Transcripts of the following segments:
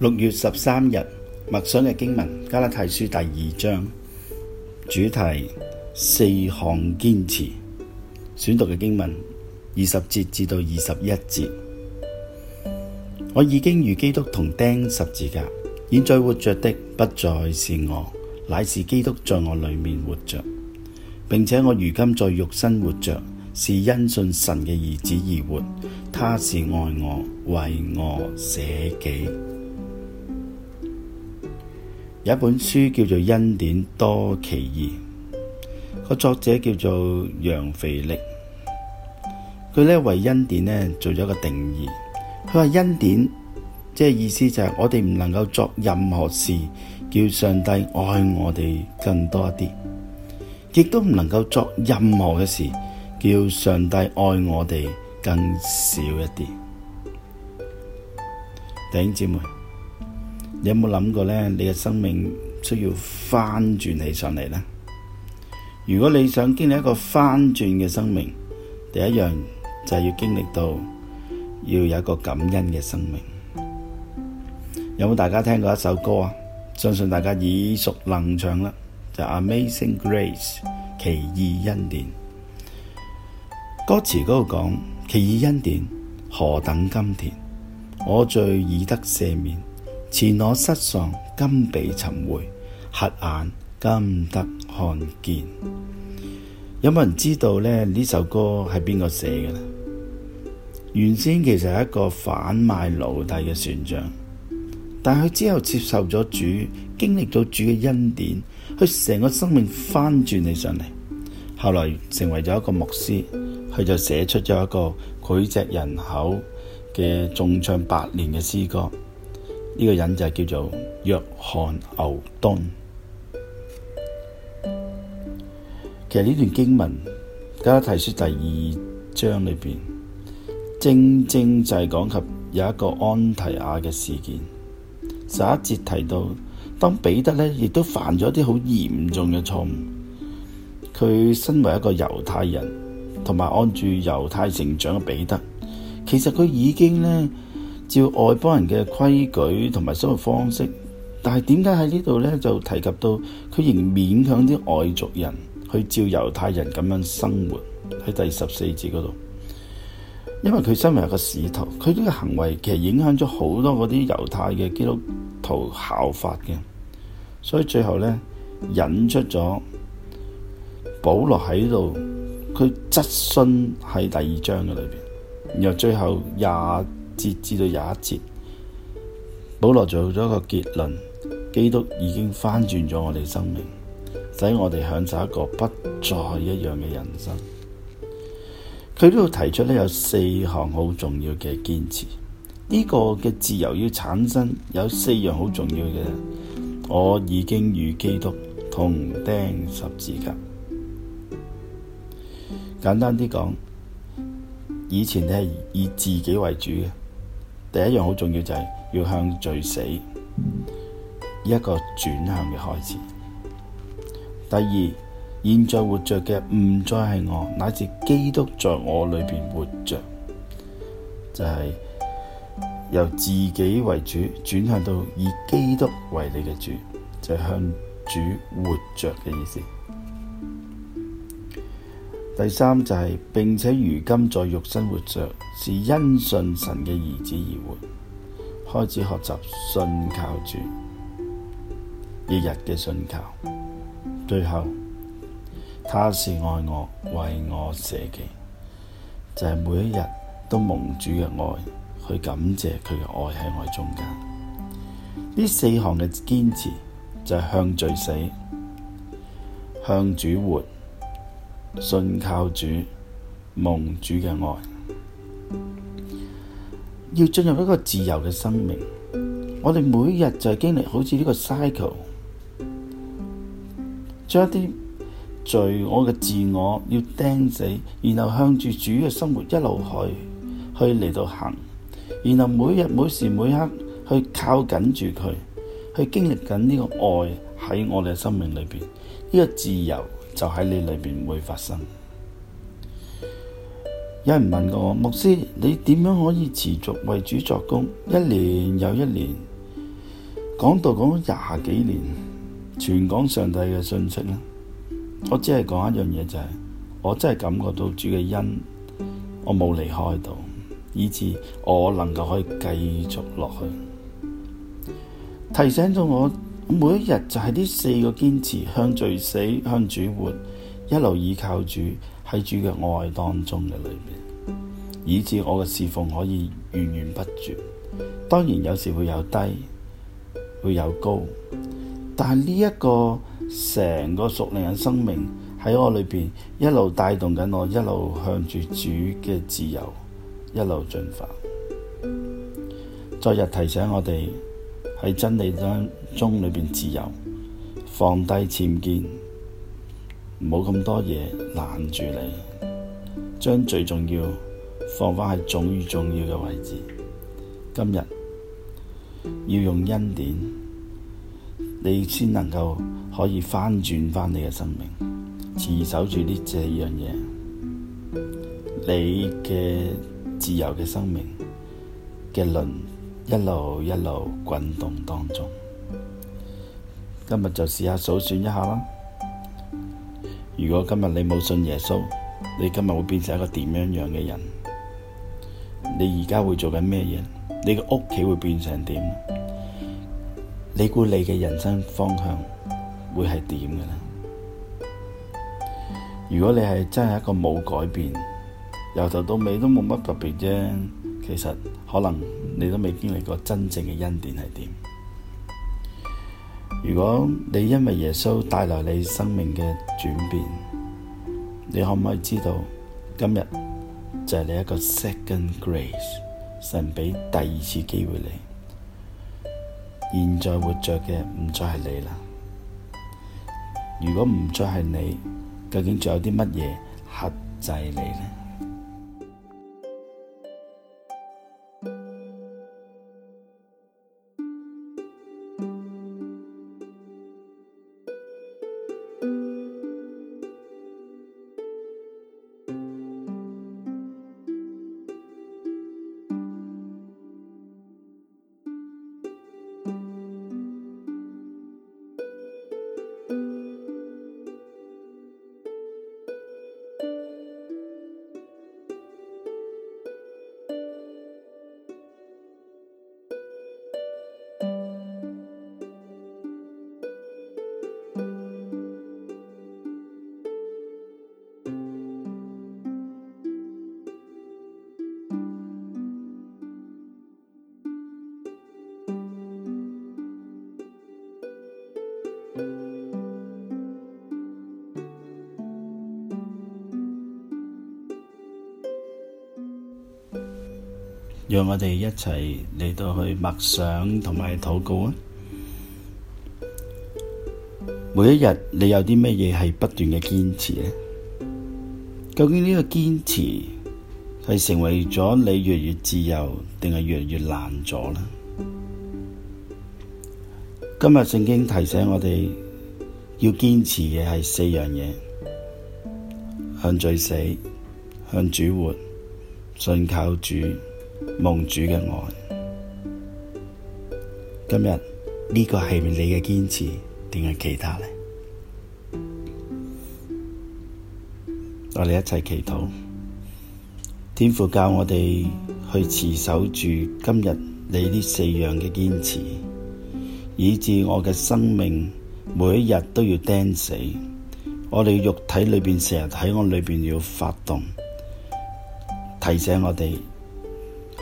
六月十三日默想嘅經文《加拉太書》第二章，主題四項堅持。選讀嘅經文二十節至到二十一節。我已經與基督同釘十字架，現在活着的不再是我，乃是基督在我裏面活着，並且我如今在肉身活着，是因信神嘅兒子而活，他是愛我，為我捨己。有一本書叫做《恩典多奇異》，個作者叫做楊腓力。佢咧為恩典咧做咗一個定義。佢話恩典，即係意思就係、是、我哋唔能夠作任何事叫上帝愛我哋更多一啲，亦都唔能夠作任何嘅事叫上帝愛我哋更少一啲。弟兄姊妹。你有冇諗過咧？你嘅生命需要翻轉起上嚟咧？如果你想經歷一個翻轉嘅生命，第一樣就係要經歷到要有一個感恩嘅生命。有冇大家聽過一首歌啊？相信大家耳熟能詳啦，就係《Amazing Grace》。奇異恩典，歌詞嗰度講奇異恩典何等甘甜，我罪已得赦免。前我失喪，今被尋回；黑眼今得看見。有冇人知道咧，呢首歌係邊個寫嘅？原先其實係一個販賣奴隸嘅船長，但係佢之後接受咗主，經歷咗主嘅恩典，佢成個生命翻轉起上嚟。後來成為咗一個牧師，佢就寫出咗一個膾炙人口嘅眾唱百年嘅詩歌。呢個人就係叫做約翰牛頓。其實呢段經文，加拉太書第二章裏邊，正正就係講及有一個安提阿嘅事件。十一節提到，當彼得咧亦都犯咗啲好嚴重嘅錯誤。佢身為一個猶太人，同埋按住猶太成長嘅彼得，其實佢已經咧。照外邦人嘅規矩同埋生活方式，但係點解喺呢度呢？就提及到佢仍勉強啲外族人去照猶太人咁樣生活，喺第十四節嗰度。因為佢身為一個使徒，佢呢個行為其實影響咗好多嗰啲猶太嘅基督徒效法嘅。所以最後呢，引出咗保羅喺度，佢質詢喺第二章嘅裏邊，然後最後廿。至至到廿一節，保羅做咗一個結論：基督已經翻轉咗我哋生命，使我哋享受一個不再一樣嘅人生。佢都要提出呢有四項好重要嘅堅持，呢、這個嘅自由要產生有四樣好重要嘅。我已經與基督同釘十字架。簡單啲講，以前你係以自己為主嘅。第一樣好重要就係、是、要向罪死，一個轉向嘅開始。第二，現在活着嘅唔再係我，乃是基督在我裏邊活着，就係、是、由自己為主轉向到以基督為你嘅主，就係、是、向主活着嘅意思。第三就係、是，並且如今在肉身活着，是因信神嘅兒子而活，開始學習信靠主，一日嘅信靠。最後，他是愛我，為我捨棄，就係、是、每一日都蒙主嘅愛，去感謝佢嘅愛喺我中間。呢四項嘅堅持就係向罪死，向主活。信靠主，蒙主嘅愛，要進入一個自由嘅生命。我哋每日就經歷好似呢個 cycle，將一啲罪惡嘅自我要釘死，然後向住主嘅生活一路去，去嚟到行，然後每日每時每刻去靠緊住佢，去經歷緊呢個愛喺我哋嘅生命裏邊，呢個自由。就喺你裏邊會發生。有人問過我，牧師，你點樣可以持續為主作工，一年又一年？講到講咗廿幾年，全講上帝嘅信息啦。我只係講一樣嘢就係、是，我真係感覺到主嘅恩，我冇離開到，以致我能夠可以繼續落去。提醒咗我。每一日就係呢四個堅持，向罪死，向主活，一路倚靠主，喺主嘅愛當中嘅裏面，以致我嘅侍奉，可以源源不絕。當然有時會有低，會有高，但係呢一個成個屬靈嘅生命喺我裏邊一路帶動緊我，一路向住主嘅自由一路進發。昨日提醒我哋。喺真理中裏面，自由，放低偏見，冇咁多嘢攔住你，將最重要放翻喺最重要嘅位置。今日要用恩典，你先能夠可以翻轉翻你嘅生命，持守住呢這樣嘢，你嘅自由嘅生命嘅輪。一路一路滾動當中，今日就試下數算一下啦。如果今日你冇信耶穌，你今日會變成一個點樣樣嘅人？你而家會做緊咩嘢？你嘅屋企會變成點？你估你嘅人生方向會係點嘅呢？如果你係真係一個冇改變，由頭到尾都冇乜特別啫。其實可能你都未經歷過真正嘅恩典係點。如果你因為耶穌帶來你生命嘅轉變，你可唔可以知道今日就係你一個 Second Grace，神俾第二次機會你。現在活着嘅唔再係你啦。如果唔再係你，究竟仲有啲乜嘢克制你呢？讓我哋一齊嚟到去默想同埋禱告啊！每一日你有啲乜嘢係不斷嘅堅持咧？究竟呢個堅持係成為咗你越嚟越自由，定係越嚟越難咗咧？今日聖經提醒我哋要堅持嘅係四樣嘢：向罪死，向主活，信靠主。蒙主嘅愛，今日呢個係你嘅堅持，定係其他咧？我哋一齊祈禱，天父教我哋去持守住今日你呢四樣嘅堅持，以致我嘅生命每一日都要釘死。我哋肉體裏邊成日喺我裏邊要發動，提醒我哋。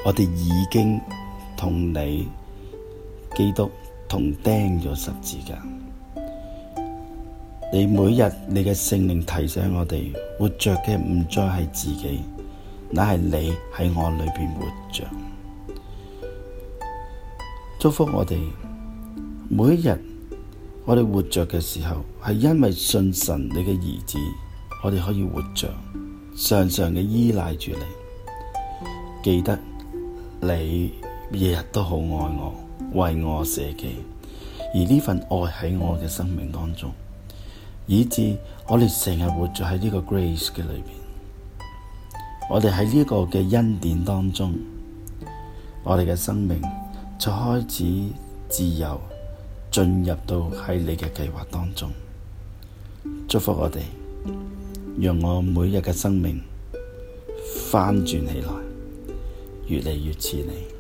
我哋已經同你基督同釘咗十字架。你每日你嘅聖靈提醒我哋，活着嘅唔再係自己，乃係你喺我裏面活着。祝福我哋每一日，我哋活着嘅時候係因為信神你嘅兒子，我哋可以活着，常常嘅依賴住你。記得。你日日都好愛我，為我捨己，而呢份愛喺我嘅生命當中，以至我哋成日活着在喺呢個 Grace 嘅裏邊，我哋喺呢個嘅恩典當中，我哋嘅生命就開始自由進入到喺你嘅計劃當中。祝福我哋，讓我每日嘅生命翻轉起來。越嚟越似你。